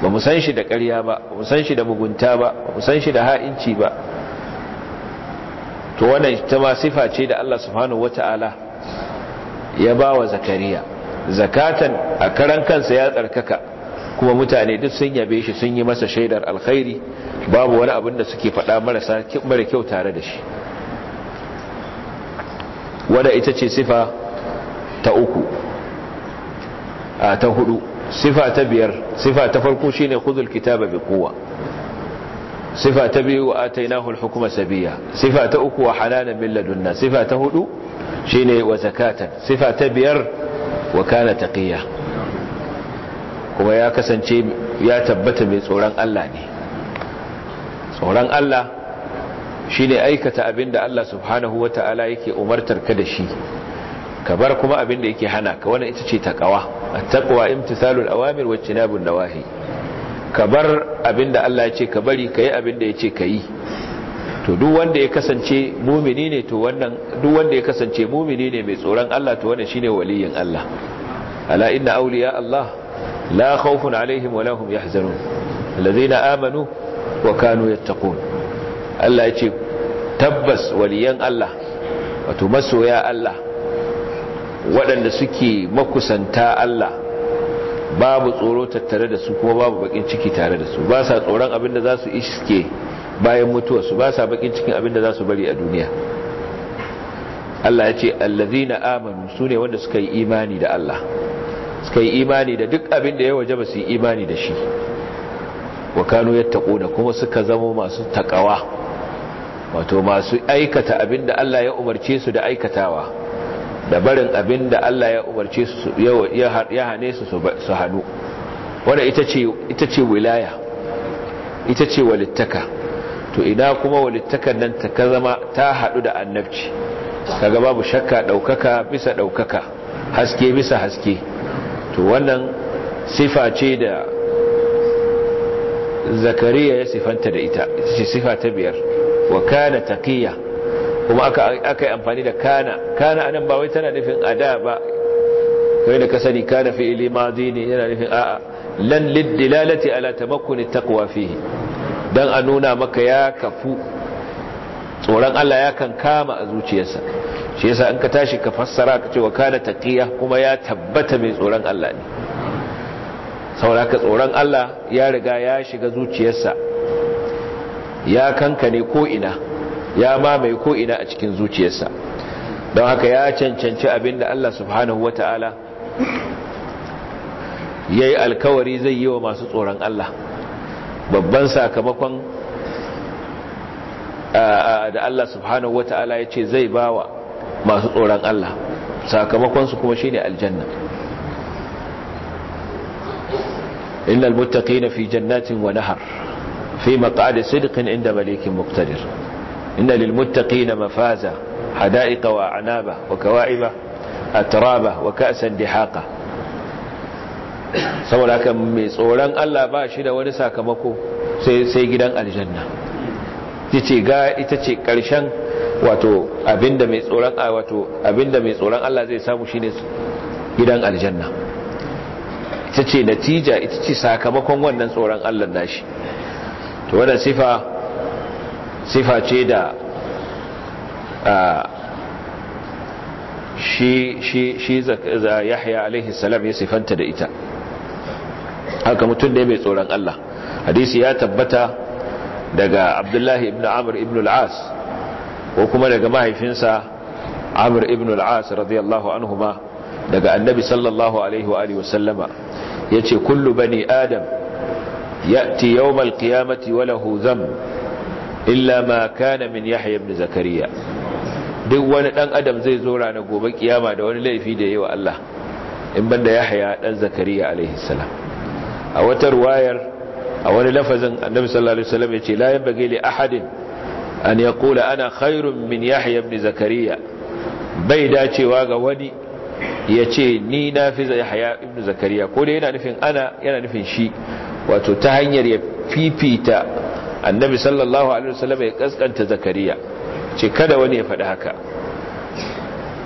A: ba mu san shi da ƙarya ba ba mu san shi da mugunta ba ba mu san shi da ha'inci ba to wannan ta ma sifa ce da Allah subhanahu wata'ala ya bawa zakariya zakatan a karan kansa ya tsarkaka kuma mutane duk sun yabe shi sun yi masa shaidar alkhairi babu wani abin da suke faɗa marasa mara kyau tare da shi Wadda ita ce sifa ta uku a ta hudu sifa ta biyar sifa ta farko shine khudhul kitaba bi quwwa sifa ta biyu wa atainahu al-hukma sabiya sifa ta uku wa halalan min sifa ta hudu shine sifa ta biyar wa kana taqiya kuma ya kasance ya tabbata mai tsoron Allah ne tsoron Allah shine aikata abinda Allah subhanahu wataala yake umartar ka da shi ka bar kuma abinda yake hana ka wani ita ce taqwa at-taqwa imtithalul awamir wa ijtinabun nawahi ka bar abin da Allah ya ce ka bari ka yi abin da ya ce ka yi to duk wanda ya kasance mumini ne to wannan duk wanda ya kasance mumini ne mai tsoron Allah to wannan shine waliyin Allah ala inna awliya Allah la khawfun alaihim wala hum yahzanun alladhina amanu wa kanu yattaqun Allah ya ce tabbas waliyan Allah wato masoya Allah waɗanda suke makusanta Allah babu tsoro tattare da su kuma babu bakin ciki tare da su ba sa tsoron abinda za su iske bayan mutuwarsu ba sa bakin cikin abinda za su bari a duniya Allah ya ce allazina amanu su ne wanda suka yi imani da Allah suka yi imani da duk abin da ya waje ba su yi imani da shi wa kanu yattaquna kuma suka zama masu takawa wato masu aikata abin da Allah ya umarce su da aikatawa da barin abin da Allah ya umarce su ya hane su su hannu wadda ita ce wilaya ita ce walittaka to ina kuma walittakan nan ta zama ta hadu da annabci kaga babu shakka ɗaukaka bisa ɗaukaka haske bisa haske to wannan sifa ce da zakariya ya sifanta da ita Ita ce sifa ta biyar wa kana taqiyya kuma aka yi amfani da kana kana anan ba wai tana nufin ada ba kai da ka sani kana fi'ili madi ne yana nufin a'a lan liddilalati ala tamakkuni taqwa fihi dan a nuna maka ya kafu tsoron Allah ya kan kama a zuciyarsa shi yasa in ka tashi ka fassara ka cewa wa kana taqiya kuma ya tabbata mai tsoron Allah ne saboda ka tsoron Allah ya riga ya shiga zuciyarsa ya kankane ko ina ya mamaye ko ina a cikin zuciyarsa don haka ya cancanci abinda Allah subhanahu wata'ala yi alkawari zai yi wa masu tsoron Allah babban sakamakon da Allah subhanahu wata'ala ya ce zai bawa masu tsoron Allah sakamakonsu kuma shi ne aljanna innal muttaqina fi jannatin wa nahar fi maq'adi sidqin inda malikin muqtadir inna للمتقين مفازة mafaza وعنابة wa anaba وكأسا دحاقة سوى wa ka'san dihaqa saboda haka mai tsoron Allah ba shi da wani sakamako sai gidan aljanna ita ce karshen wato abinda mai tsoron a wato abinda mai tsoron Allah zai samu shine gidan aljanna ita natija ita ce sakamakon wannan tsoron Allah nashi to wannan sifa sifa ce da shi shi shi yahya alaihi salam ya sifanta da ita haka mutum ne mai tsoron Allah hadisi ya tabbata daga abdullahi ibn amr ibn al-as ko kuma daga mahaifinsa amr ibn al-as radiyallahu anhuma daga annabi sallallahu alaihi wa alihi wasallama yace kullu bani adam ya'ti yawm al-qiyamati wa lahu dhanb illa ma kana min yahya ibn zakariya duk wani dan adam zai zo ranar gobe kiyama da wani laifi da yayi wa Allah in banda yahya dan zakariya alaihi salam a wata ruwayar a wani lafazin annabi sallallahu alaihi wasallam yace la yanbaghi li ahadin an yaqula ana khairun min yahya ibn zakariya bai dacewa ga wani yace ni na fi yahya ibn zakariya ko dai yana nufin ana yana nufin shi wato ta hanyar ya fifita annabi sallallahu alaihi wasallam ya kaskanta zakariya ce kada wani ya faɗi haka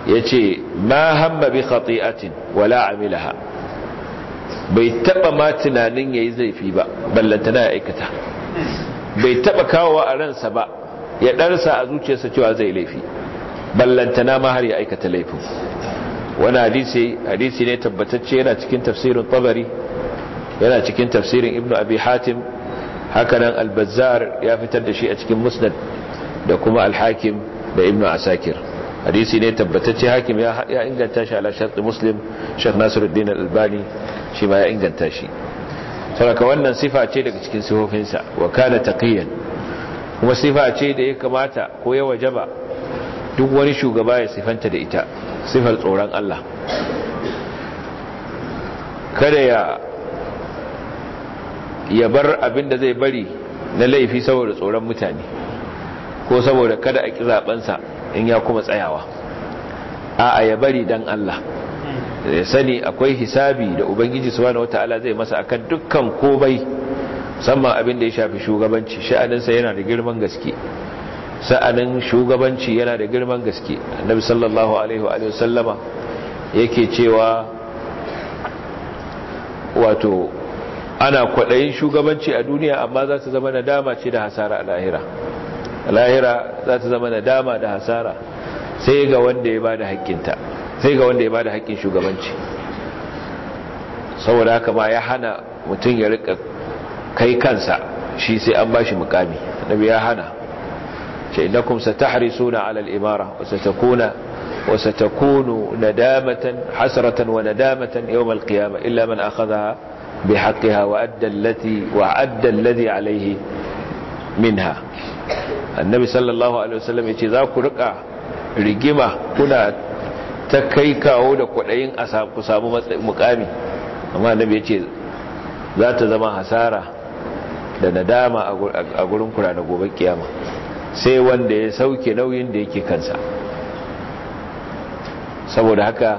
A: ya ce ma hamma bi khati'atin wala amilaha bai taba ma tunanin yayi zaifi ba ballantana ya aikata bai taba kawowa a ransa ba ya darsa a zuciyarsa cewa zai laifi ballantana ma har ya aikata laifin wani hadisi hadisi ne tabbatacce yana cikin tafsirin tabari yana cikin tafsirin ibnu abi hatim hakanan al-bazzar ya fitar da shi a cikin musnad da kuma al-hakim da ibn asakir hadisi ne tabbatacce hakim ya inganta shi ala shartu muslim shekh nasiruddin albani shi ma ya inganta shi saboda wannan sifa ce daga cikin sifofinsa wa kana taqiyan kuma sifa ce da ya kamata ko ya wajaba duk wani shugaba ya sifanta da ita sifar tsoron Allah kada ya ya bar abin da zai bari na laifi saboda tsoron mutane ko saboda kada a kizabansa in ya kuma tsayawa a'a ya bari dan Allah ya sani akwai hisabi da ubangiji wata wataala zai masa akan dukkan komai musamman abin da ya shafi shugabanci sha'aninsa yana da girman gaske sa'anin shugabanci yana da girman gaske annabi sallallahu alaihi wa sallama yake cewa wato ana kwaɗayin shugabanci a duniya amma za ta zama nadama ce da hasara a lahira lahira za ta zama nadama da hasara sai ga wanda ya bada haƙƙinta sai ga wanda ya bada haƙƙin shugabanci saboda haka ma ya hana mutum ya rika kai kansa shi sai an bashi mukami nabi ya hana ce innakum satahrisuna ala al-imara wa satakuna wa satakunu nadamatan hasratan wa nadamatan yawm al-qiyamah illa man akhadha بحقها وأدى التي وأدى الذي عليه منها النبي صلى الله عليه وسلم يتي ذاك رقع رقمة كنا تكيكا أولك ولئين أصاب قصاب مقامي أما النبي يتي ذات زمان hasara da nadama a gurin kura na gobe kiyama sai wanda ya sauke nauyin da yake kansa saboda haka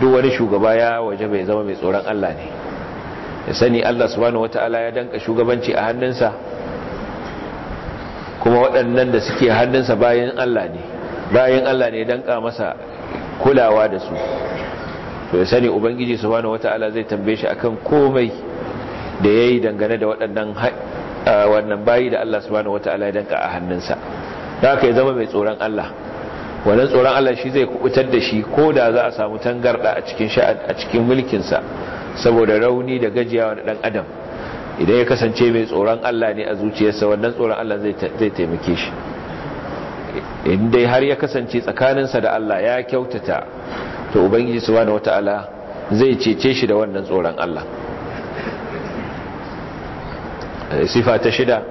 A: duk wani shugaba ya waje mai zama mai tsoron Allah ne ya sani Allah subhanahu wataala ya danka shugabanci a hannunsa kuma waɗannan da suke hannunsa bayan Allah ne bayan Allah ne danka masa kulawa da su to ya sani ubangiji subhanahu wataala zai tambaye shi akan komai da yayi dangane da waɗannan wannan bayi da Allah subhanahu wataala ya danka a hannunsa da haka ya zama mai tsoron Allah wannan tsoron Allah shi zai kubutar da shi ko da za a samu tangarda a cikin a cikin mulkinsa saboda rauni da gajiyawa da dan adam idan ya kasance mai tsoron Allah ne a zuciyarsa wannan tsoron Allah zai taimake shi in dai har ya kasance tsakaninsa da Allah ya kyautata to ubangiji subhanahu wataala zai cece shi da wannan tsoron Allah sifa ta shida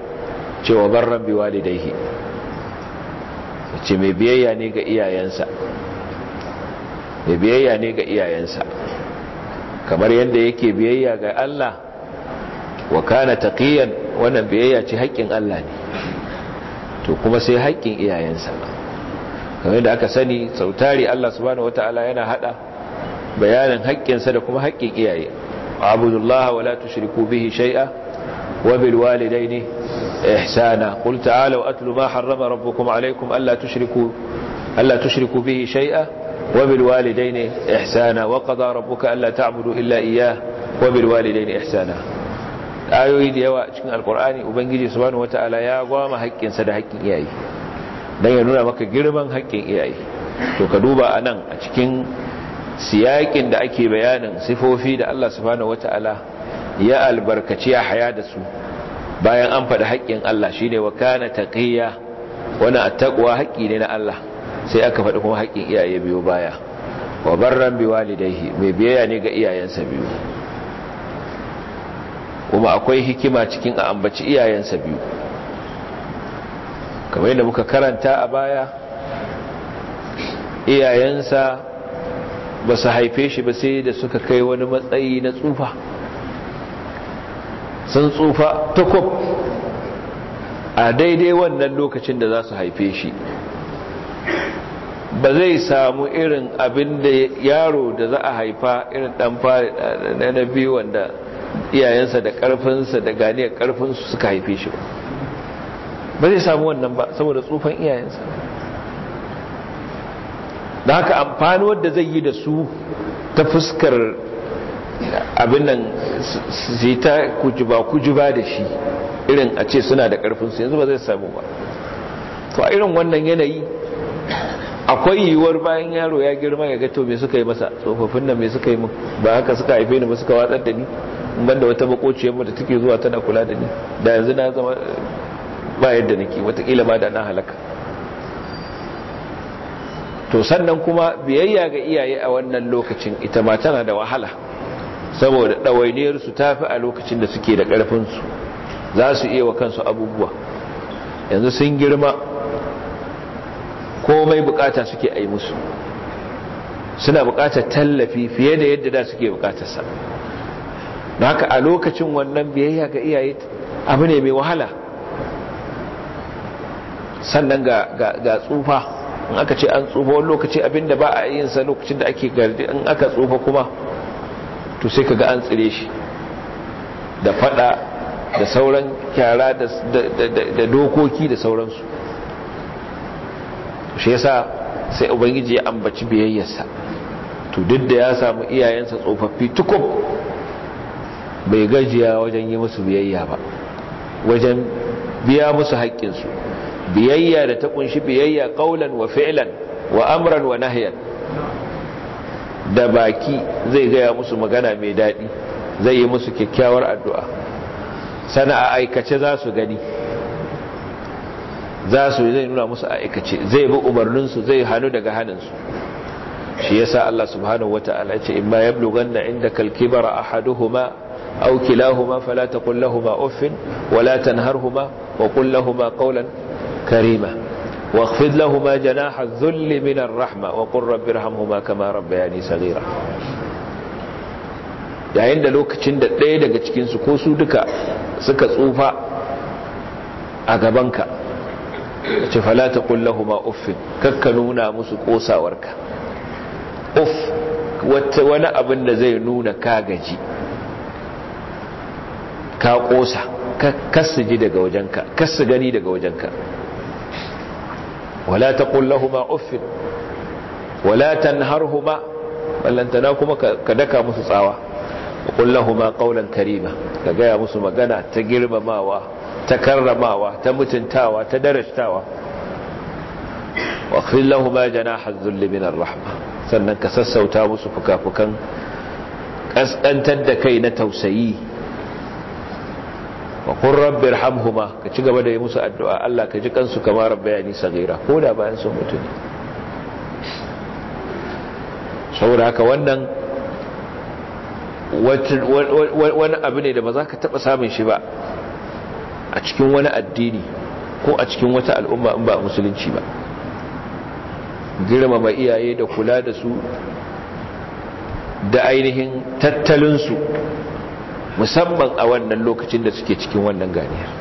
A: cewa barran biwalidaihi ce mai biyayya ne ga iyayensa mai biyayya ne ga iyayensa kamar yadda yake biyayya ga Allah wa kana taqiyan wannan biyayya ce haƙƙin Allah ne to kuma sai haƙƙin iyayensa kamar yadda aka sani sautari Allah subhanahu wataala yana hada bayanin haƙƙinsa da kuma haƙƙin iyaye Abudullahi wala tushriku bihi shay'a wa bil walidaini إحسانا قل تعالوا أتل ما حرم ربكم عليكم ألا تشركوا, ألا تشركوا به شيئا وبالوالدين إحسانا وقضى ربك ألا تعبدوا إلا إياه وبالوالدين إحسانا ayoyi da yawa cikin alkur'ani ubangiji subhanahu wataala ya gwama haƙƙinsa da hakkin iyaye dan ya nuna maka girman hakkin iyaye to ka duba anan a cikin siyakin da ake bayanin sifofi da Allah subhanahu wataala ya albarkaci ya haya da su bayan an faɗi haƙƙin Allah shine wa kana wani a attaqwa haƙƙi ne na Allah sai aka faɗi kuma haƙƙin iyaye biyu baya wa barran bi walidaihi mai biyayya ne ga iyayensa biyu kuma akwai hikima cikin a ambaci iyayensa biyu kamar yadda muka karanta a baya iyayensa ba su haife shi ba sai da suka kai wani matsayi na tsufa sun tsufa takwab a daidai wannan lokacin da za su haife shi ba zai samu irin abin da yaro da za a haifa irin dan fari na biyu wanda iyayensa da karfinsa da ganiyar karfinsu suka haife shi ba zai samu wannan ba saboda tsufan iyayensa da haka amfani wadda zai yi da su ta fuskar abin nan zai ta kujuba-kujuba da shi irin a ce suna da ƙarfinsu yanzu ba zai samu ba to a irin wannan yanayi akwai yiwuwar bayan yaro ya girma ya gato mai suka yi masa tsofaffin nan mai suka yi mun ba haka suka haife ni ba suka watsar da ni banda wata makociyar mu da take zuwa tana kula da ni da yanzu na zama ba yadda nake watakila ma da na halaka to sannan kuma biyayya ga iyaye a wannan lokacin ita ma tana da wahala saboda ɗawainiyarsu ta fi a lokacin da suke da ƙarfinsu za su iya wa kansu abubuwa yanzu sun girma komai bukata suke a musu suna bukatar tallafi fiye da yadda da suke bukatarsa haka a lokacin wannan biyayya ga iyaye abu ne mai wahala sannan ga tsufa in aka ce an tsufa wani lokaci abinda ba a yin sa lokacin da ake gardi in aka tsufa kuma to sai kaga an tsire shi da fada da sauran kyara da dokoki da sauransu shi yasa sai ubangiji ya ambaci biyayyarsa to duk da ya samu iyayensa tsofaffi tukub bai gajiya wajen yi musu biyayya ba wajen biya musu haƙƙinsu biyayya da ta kunshi biyayya ƙaulan wa fi'ilan wa amran wa nahyan da baki zai gaya musu magana mai daɗi zai yi musu kyakkyawar addu'a sana a aikace za su gani za su zai nuna musu aikace zai bi umarninsu zai hannu daga hannunsu shi ya sa Allah subhanahu Ta'ala ce in imma ya indaka al-kibara ahaduhuma aw kilahuma huma taqul lahumā uffin walatan har huma wa kullahu lahumā karima واخفض لهما جناح الذل من الرحمة وقل رب ارحمهما كما ربياني صغيرا yayin da lokacin da ɗaya daga cikinsu ko su duka suka tsufa a gabanka ce falata ma uffin kakka nuna musu ƙosawarka uff wani abin da zai nuna ka gaji ka ƙosa kasu daga wajenka kasu gani daga wajenka wala taqul lahumu uffin wala tanharhuma ballantana kuma ka daka musu tsawa qul lahumu karima ka gaya musu magana ta girmamawa ta karramawa ta mutuntawa ta darajtawa واخفض لهما جناح الذل من الرحمه sannan ka sassauta musu fukafukan kaskantar da kai na tausayi wa kun rabbir hamhuma ka ci gaba da yi musu addu'a Allah ka ji kansu kamar rabbayani sagira ko da bayan sun mutu ne saboda haka wannan wani abu ne da ba za ka taɓa samun shi ba a cikin wani addini ko a cikin wata al'umma in ba musulunci ba girmama iyaye da kula da su da ainihin tattalinsu musamman a wannan lokacin da suke cikin wannan ganiyar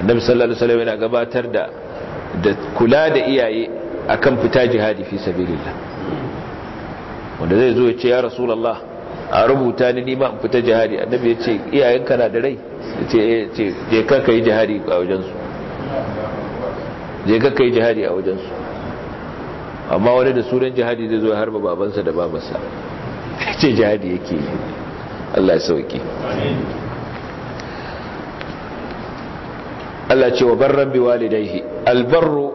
A: annabi sallallahu alaihi wasallam yana gabatar da da kula da iyaye akan fita jihadi fi sabilillah wanda zai zo ya ce ya rasulullah a rubuta ni nima in fita jihadi annabi ya ce iyayenka na da rai ya ce eh, je ka kai jihadi a wajensu je ka kai jihadi a wajensu amma wani da suran jihadi zai zo ya harba babansa da Ya ce jihadi yake yi Allah ya sauki. Allah ce wa barran bi walidaihi albarru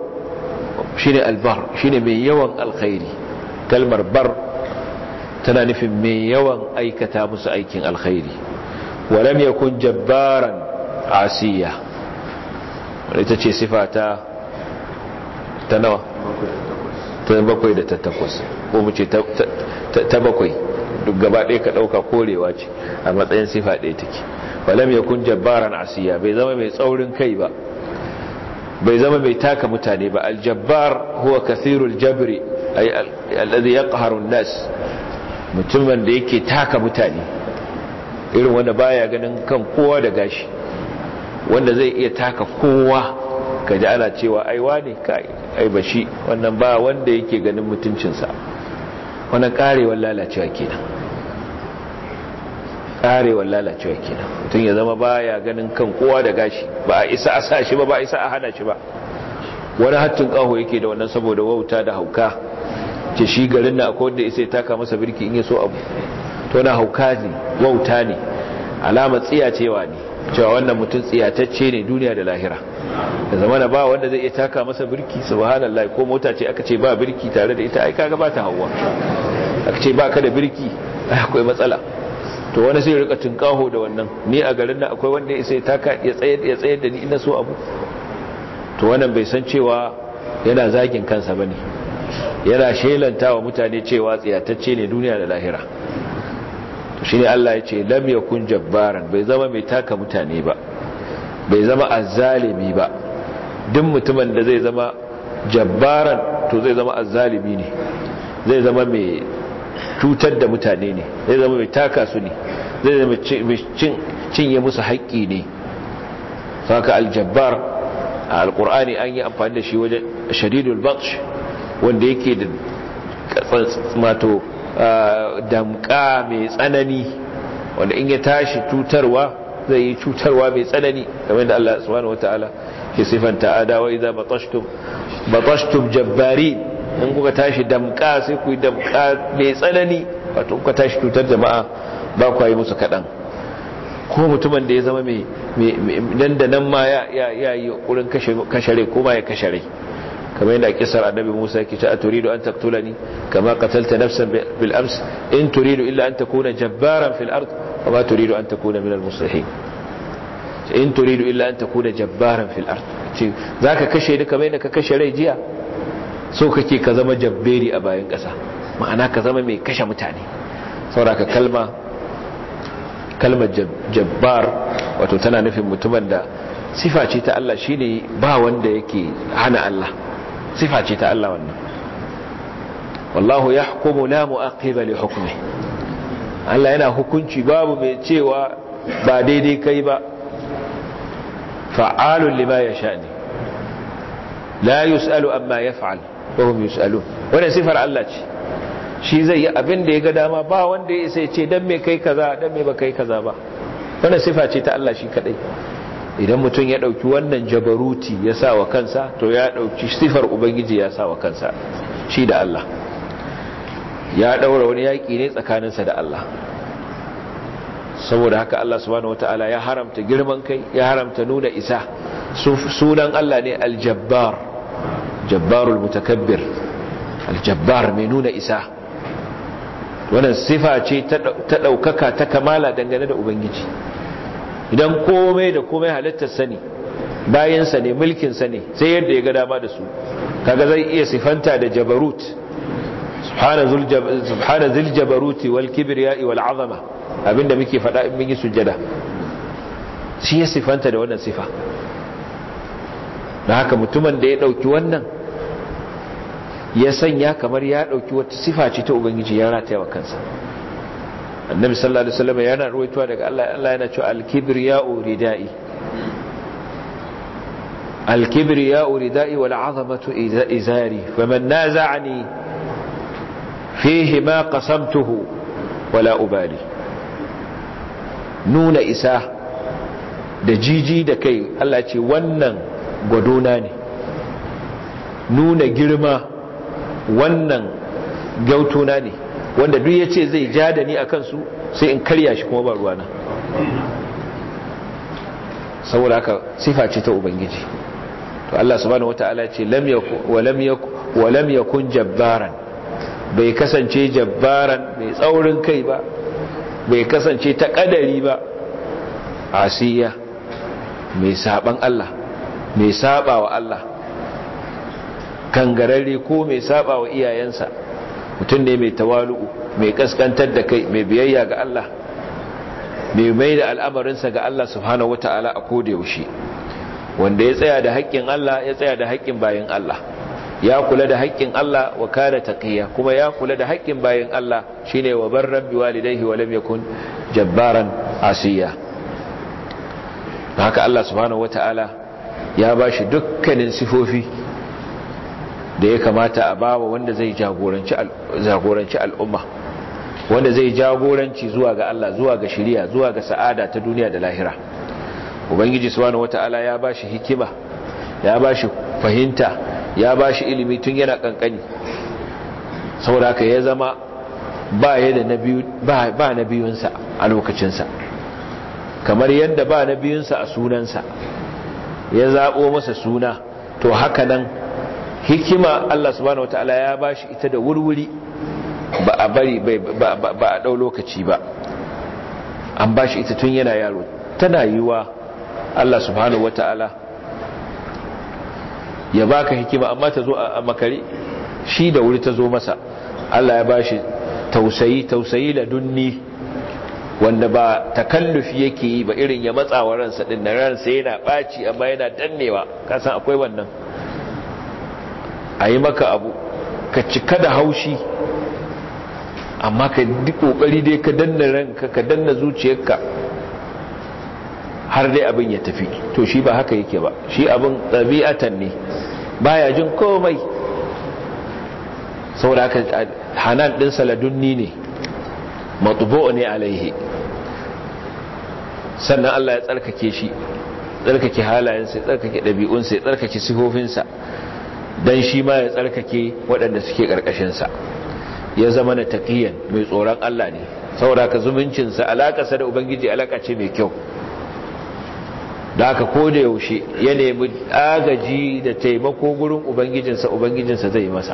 A: shine albar shine mai yawan alkhairi kalmar bar tana nufin mai yawan aikata musu aikin alkhairi lam yakun jabbaran asiya ita ce sifata ta nawa ta bakwai da ta takwas ko mu ce ta bakwai duk gaba ɗaya ka ɗauka korewa ce a matsayin sifa ɗaya take walam ya kun jabbaran asiya bai zama mai tsaurin kai ba bai zama mai taka mutane ba aljabbar huwa kasirul jabri ay alladhi yaqharu an-nas mutumin da yake taka mutane irin wanda baya ganin kan kowa da gashi wanda zai iya taka kowa kaji ana cewa ai wane kai ai bashi wannan ba wanda yake ganin mutuncinsa wannan karewar lalacewa kenan karewar lalacewa kenan mutum ya zama baya ganin kan kowa da gashi ba a isa a sa shi ba ba isa a hana shi ba wani hattun kaho yake da wannan saboda wauta da hauka ce shi garin na akwai wanda isa ya taka masa birki in ya so abu to na hauka ne wauta ne alama tsiya cewa ne cewa wannan mutum tsiyatacce ne duniya da lahira da zamana ba wanda zai iya taka masa birki subhanallahi ko mota ce aka ce ba birki tare da ita ai kaga ba ta hawa aka ce ba ka da birki akwai matsala to wani sai rika tunkaho da wannan ni a garin na akwai wanda ya sai taka ya tsaye ya tsaye da ni ina so abu to wannan bai san cewa yana zagin kansa bane yana shelantawa wa mutane cewa tsiyatacce ne duniya da lahira to shine Allah yace ce lam yakun jabbaran bai zama mai taka mutane ba bai zama azzalimi ba duk mutumin da zai zama jabbaran to zai zama azzalimi ne zai zama mai cutar da mutane ne zai zama mai taka su ne zai zama cinye musu haƙƙi ne saka aljabbar a alƙur'ani an yi amfani da shi wajen shadidul batsh wanda yake da mato damƙa mai tsanani wanda in ya tashi cutarwa zai yi cutarwa mai tsanani kamar da Allah subhanahu wataala ke sifanta adawa idza batashtum jabbarin in kuka tashi damka sai ku yi damka mai tsanani wato kuka tashi tutar jama'a ba ku yi musu kaɗan ko mutumin da ya zama mai dandanan ma ya yi ƙurin kashare ko ma ya kashare kamar yadda kisar annabi Musa ya yake ta turidu an taqtulani kama qatalta nafsan bil in turidu illa an ta kuna jabbaran fil ard wa ma turidu an takuna min al muslihin in turidu illa an ta kuna jabbaran fil ard ce ka kashe ni kamar yadda ka kashe rai jiya so kake ka zama jabberi a bayan ƙasa ma'ana ka zama mai kashe mutane sauraka kalma kalmar jabbar wato tana nufin mutumin da sifa ce ta Allah shine ba wanda yake hana Allah sifa ce ta Allah wannan wallahu yahkumu la mu'aqqiba li hukmihi Allah yana hukunci babu mai cewa ba daidai kai ba fa'alun lima yasha'ni la yus'alu amma yaf'al wahum yusalu wannan sifar Allah ce shi zai yi abin da ya ga dama ba wanda ya sai ce dan me kai kaza dan me ba kai kaza ba wannan sifa ce ta Allah shi kadai idan mutum ya dauki wannan jabaruti ya sa wa kansa to ya dauki sifar ubangiji ya sa wa kansa shi da Allah ya daura wani yaki ne tsakaninsa da Allah saboda haka Allah subhanahu wataala ya haramta girman kai ya haramta nuna isa sunan Allah ne aljabbar jabbarul mutakabbir aljabbar mai nuna isa wannan sifa ce ta ɗaukaka ta kamala dangane da ubangiji idan komai da komai halittar sani bayansa ne mulkinsa ne sai yadda ya ga dama da su kaga zai iya sifanta da jabarut subhana zil jabarut wal kibriya wal azama abinda muke faɗa in mun yi sujjada shi ya sifanta da wannan sifa da haka mutumin da ya ɗauki wannan ya sanya kamar ya ɗauki wata sifa ce ta ubangiji ya rataya wa kansa annabi sallallahu alaihi wasallam yana ruwaitowa daga Allah Allah yana cewa al-kibriya'u ridai al-kibriya'u ridai wal 'azamatu izari faman naza'ani fihi ma qasamtuhu wala ubali nuna isa da jiji da kai Allah ce wannan gwadona ne nuna girma wannan gautona ne wanda duk ya ce zai ja da ni a kansu sai in karya shi kuma ba ruwana saboda haka sifa ce ta ubangiji to Allah subhanahu wata'ala ce lam yakun wa lam yakun jabbaran bai kasance jabbaran mai tsaurin kai ba bai kasance ta kadari ba asiya mai saban Allah mai saba wa Allah kangararre ko mai saba wa iyayensa mutum ne mai tawalu'u mai kaskantar da kai mai biyayya ga Allah mai mai da al'amarinsa ga Allah subhanahu wa ta'ala a yaushe wanda ya tsaya da haƙƙin Allah ya tsaya da haƙƙin bayan Allah ya kula da haƙƙin Allah wa ta taqiya kuma ya kula da haƙƙin bayan Allah shine wa bar rabbi wa lam yakun jabbaran asiya haka Allah subhanahu wa ta'ala. ya ba shi dukkanin sifofi da ya kamata a bawa wanda zai jagoranci al'umma wanda zai jagoranci zuwa ga Allah zuwa ga shiriya zuwa ga sa'ada ta duniya da lahira ubangiji wata ala ya ba shi hikima ya ba shi fahimta ya ba shi ilimi tun yana kankani sauraka ya zama ba na biyunsa a lokacinsa kamar yadda ba na biyunsa a sunansa ya zaɓo masa suna to haka nan hikima Allah subhanahu wataala ya bashi ita da wurwuri ba a bari ba a ɗau lokaci ba an bashi ita tun yana yaro tana yiwa Allah subhanahu wataala ya baka hikima amma ta zo a makare shi da wuri ta zo masa Allah ya bashi tausayi tausayi da dunni wanda ba takallufi yake yi ba irin ya matsa wa ransa din nan ransa yana baci amma yana dannewa kasan akwai wannan a yi maka abu ka cika da haushi amma ka duk kokari dai ka danna ranka ka danna zuciyarka har dai abin ya tafi to shi ba haka yake ba shi abin ɗabi'atan ne baya jin komai saboda haka hanan ɗin saladunni ne ne alaihi sannan Allah ya tsarkake shi tsarkake halayensa ya tsarkake ɗabi'unsa ya tsarkake sifofinsa don shi ma ya tsarkake waɗanda suke ƙarƙashinsa ya zama na taƙiyan mai tsoron Allah ne saboda ka zumuncinsa alaƙasa da ubangiji alaƙa ce mai kyau da aka koda yaushe ya nemi agaji da taimako gurin ubangijinsa ubangijinsa zai masa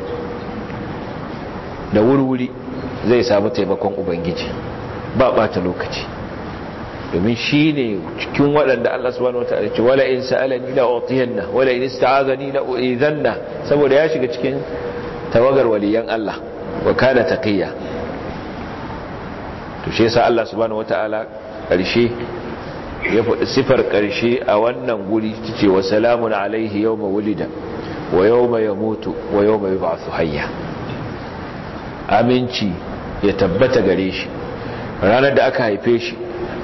A: da wurwuri zai samu taimakon ubangiji ba bata lokaci domin shi ne cikin waɗanda Allah subhanahu wataala ce wala in sa'alani la utiyanna wala in ista'azani la u'izanna saboda ya shiga cikin tawagar waliyan Allah wa kana taqiya to shi yasa Allah subhanahu ala ƙarshe ya faɗi sifar ƙarshe a wannan guri ce wa salamun alaihi yawma wulida wa yawma yamutu wa yawma yub'athu hayya aminci ya tabbata gare shi ranar da aka haife shi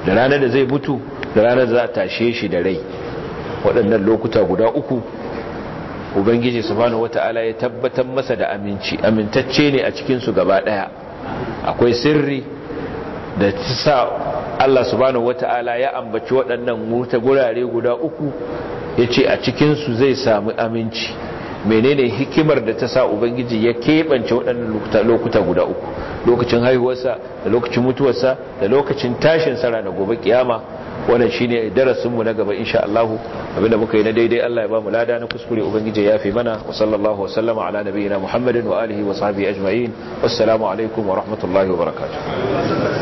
A: da ranar da zai mutu da ranar za a tashe shi da rai waɗannan lokuta guda uku ubangiji subhanahu wata'ala ya tabbatar masa da aminci amintacce ne a cikinsu su gaba daya akwai sirri da sa Allah subhanahu wata'ala ya ambaci waɗannan wuta gurare guda uku ya ce a cikinsu zai sami aminci menene hikimar da ta sa ubangiji ya kebance waɗannan lokuta guda uku lokacin haihuwarsa da lokacin mutuwarsa da lokacin tashin sara na gobe kiyama wannan shine mu na gaba insha Allah abinda muka yi na daidai Allah ya ba mu lada na kuskure ubangiji ya fi mana wa sallallahu wa sallama ala nabiyina Muhammadin wa alihi wa sahbihi ajma'in wassalamu alaikum wa rahmatullahi wa barakatuh